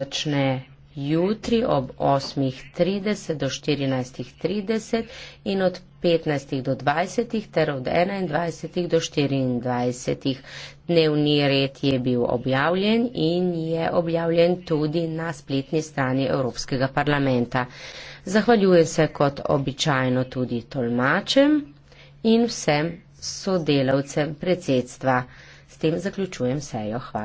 začne jutri ob 8.30 do 14.30 in od 15. do 20. ter od 21. do 24. Dnevni red je bil objavljen in je objavljen tudi na spletni strani Evropskega parlamenta. Zahvaljujem se kot običajno tudi tolmačem in vsem sodelavcem predsedstva. S tem zaključujem sejo. Hvala.